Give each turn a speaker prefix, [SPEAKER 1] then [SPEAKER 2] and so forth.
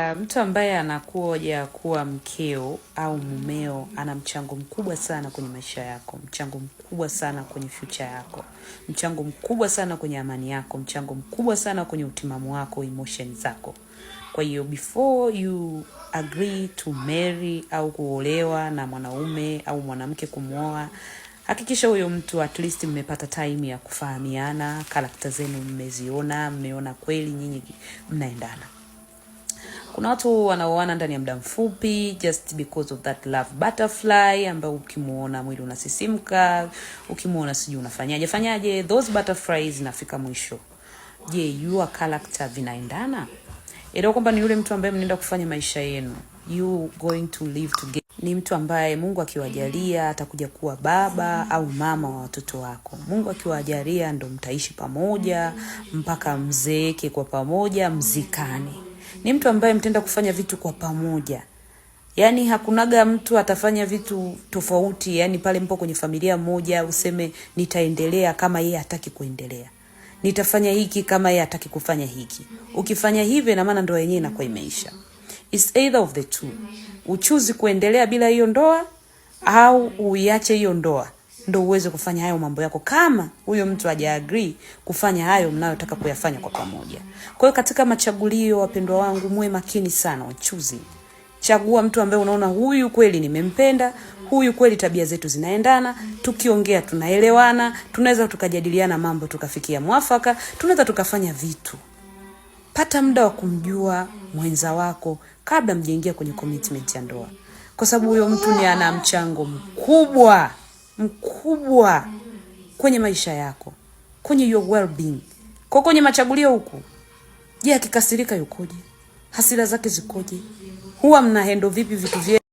[SPEAKER 1] Uh, mtu ambaye anakuja kuwa mkeo au mumeo ana mchango mkubwa sana kwenye maisha yako, mchango mkubwa sana kwenye future yako, mchango mkubwa sana kwenye amani yako, mchango mkubwa sana kwenye utimamu wako, emotion zako. Kwa hiyo before you agree to marry au kuolewa na mwanaume au mwanamke kumwoa, hakikisha huyo mtu at least mmepata time ya kufahamiana, karakta zenu mmeziona, mmeona kweli nyinyi mnaendana. Kuna watu wanaoana ndani ya muda mfupi, just because of that love butterfly, ambayo ukimuona mwili unasisimka, ukimuona sijui unafanyaje fanyaje, those butterflies zinafika mwisho. Je, your character vinaendana? Elewa kwamba ni yule mtu ambaye mnaenda kufanya maisha yenu, you going to live together. Ni mtu ambaye Mungu akiwajalia atakuja kuwa baba au mama wa watoto wako. Mungu akiwajalia ndo mtaishi pamoja mpaka mzeeke kwa pamoja mzikani ni mtu ambaye mtenda kufanya vitu kwa pamoja. Yaani hakunaga mtu atafanya vitu tofauti, yani pale mpo kwenye familia moja useme nitaendelea kama yeye hataki kuendelea. Nitafanya hiki kama yeye hataki kufanya hiki. Ukifanya hivyo na maana ndoa yenyewe inakuwa imeisha. is either of the two. Uchuzi kuendelea bila hiyo ndoa au uiache hiyo ndoa ndo uweze kufanya hayo mambo yako, kama huyo mtu haja agree kufanya hayo mnayotaka kuyafanya kwa pamoja. Kwa katika machagulio, wapendwa wangu, muwe makini sana, wachuzi Chagua mtu ambaye unaona huyu kweli nimempenda, huyu kweli tabia zetu zinaendana, tukiongea tunaelewana, tunaweza tukajadiliana mambo tukafikia mwafaka, tunaweza tukafanya vitu. Pata muda wa kumjua mwenza wako kabla mjaingia kwenye commitment ya ndoa, kwa sababu huyo mtu ni ana mchango mkubwa mkubwa kwenye maisha yako, kwenye your well being, kwa kwenye machagulio huku. Je, akikasirika yukoje? Hasira zake zikoje? Huwa hendo vipi vitu vyenu?